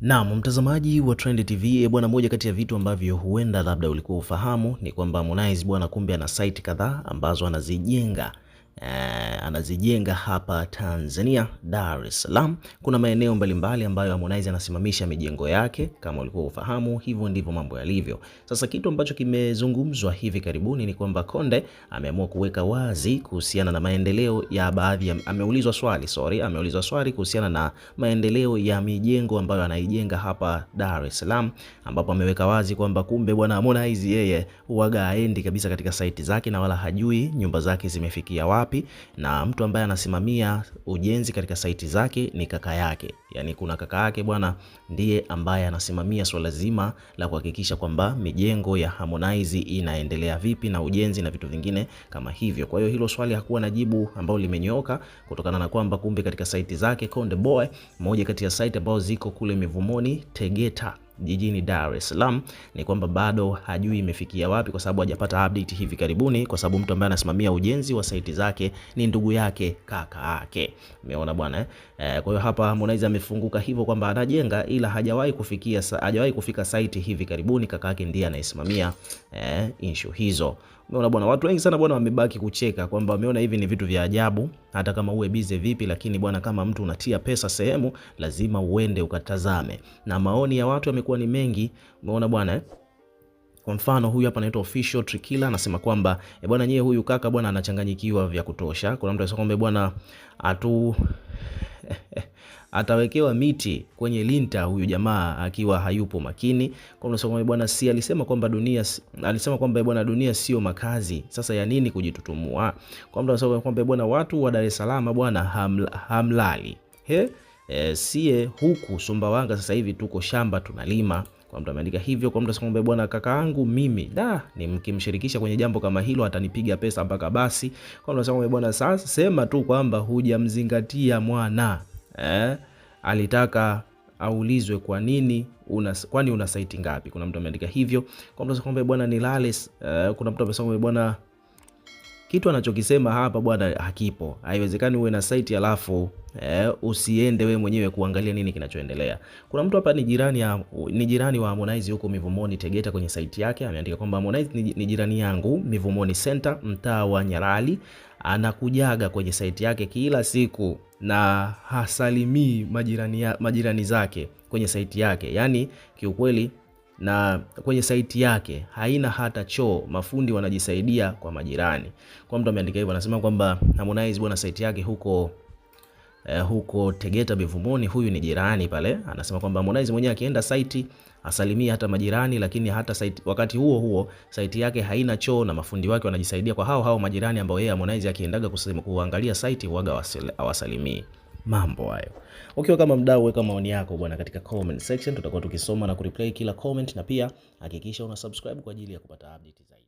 Naam, mtazamaji wa Trend TV e bwana, moja kati ya vitu ambavyo huenda labda ulikuwa ufahamu ni kwamba Harmonize bwana, kumbe ana site kadhaa ambazo anazijenga eh, anazijenga hapa Tanzania, Dar es Salaam. Kuna maeneo mbalimbali ambayo Harmonize anasimamisha mijengo yake kama ulikuwa ufahamu, hivyo ndivyo mambo yalivyo. Sasa kitu ambacho kimezungumzwa hivi karibuni ni kwamba Konde ameamua kuweka wazi kuhusiana na maendeleo ya baadhi ya, ameulizwa swali sorry, ameulizwa swali kuhusiana na maendeleo ya mijengo ambayo anaijenga hapa Dar es Salaam, ambapo ameweka wazi kwamba kumbe bwana Harmonize yeye huaga aendi kabisa katika site zake na wala hajui nyumba zake zimefikia wapi wapi, na mtu ambaye anasimamia ujenzi katika saiti zake ni kaka yake. Yani kuna kaka yake bwana, ndiye ambaye anasimamia swala zima la kuhakikisha kwamba mijengo ya Harmonize inaendelea vipi na ujenzi na vitu vingine kama hivyo. Kwa hiyo hilo swali hakuwa na jibu ambalo limenyooka kutokana na kwamba kumbe katika saiti zake Konde Boy, moja kati ya saiti ambazo ziko kule Mivumoni Tegeta jijini Dar es Salaam ni kwamba bado hajui imefikia wapi, kwa sababu hajapata update hivi karibuni, kwa sababu mtu ambaye anasimamia ujenzi wa saiti zake ni ndugu yake kaka yake. Umeona bwana eh? eh? Kwa hiyo hapa Harmonize amefunguka hivyo kwamba anajenga, ila hajawahi kufikia hajawahi kufika saiti hivi karibuni, kaka yake ndiye anayesimamia eh, issue hizo. Unaona bwana, watu wengi sana bwana wamebaki kucheka kwamba wameona hivi ni vitu vya ajabu, hata kama uwe bize vipi, lakini bwana, kama mtu unatia pesa sehemu lazima uende ukatazame, na maoni ya watu yamekuwa ni mengi. Umeona bwana eh? Kwa mfano huyu hapa anaitwa Official Trikila anasema kwamba e, bwana nyie, huyu kaka bwana anachanganyikiwa vya kutosha. Kuna mtu anasema kwamba eh bwana atu atawekewa miti kwenye linta huyu jamaa akiwa hayupo makini. Kwa unasema bwana, si alisema kwamba dunia, alisema kwamba bwana, dunia sio makazi, sasa ya nini kujitutumua? Kwa mtu anasema kwamba bwana, watu wa Dar es Salaam bwana hamla, hamlali he e, sie huku Sumbawanga sasa hivi tuko shamba tunalima kwa mtu ameandika hivyo. Kwa mtu asema bwana, kakaangu mimi da, nimkimshirikisha kwenye jambo kama hilo atanipiga pesa mpaka basi. Kwa mtu asema bwana, sasa sema tu kwamba hujamzingatia mwana eh, alitaka aulizwe kwa nini una, kwani una saiti ngapi? Kuna mtu ameandika hivyo, kwa mtu kwamba bwana lales. Eh, kuna mtu amesema bwana kitu anachokisema hapa bwana hakipo. Haiwezekani uwe na site alafu eh, usiende we mwenyewe kuangalia nini kinachoendelea. Kuna mtu hapa ni jirani ya, ni jirani wa Harmonize huko Mivumoni Tegeta, kwenye site yake ameandika kwamba Harmonize ni, ni jirani yangu Mivumoni Center, mtaa wa Nyarali, anakujaga kwenye site yake kila siku na hasalimii majirani, majirani zake kwenye site yake. Yaani kiukweli na kwenye saiti yake haina hata choo, mafundi wanajisaidia kwa majirani. Kwa mtu ameandika hivyo, anasema kwamba Harmonize bwana, saiti yake huko eh, huko Tegeta Bivumoni, huyu ni jirani pale. Anasema kwamba Harmonize mwenyewe akienda saiti asalimia hata majirani, lakini hata saiti, wakati huo huo saiti yake haina choo na mafundi wake wanajisaidia kwa hao hao majirani ambao yeye Harmonize akiendaga kuangalia saiti huaga awasalimii mambo hayo. Ukiwa kama mdau, weka maoni yako bwana katika comment section, tutakuwa tukisoma na kureplay kila comment, na pia hakikisha una subscribe kwa ajili ya kupata update zaidi.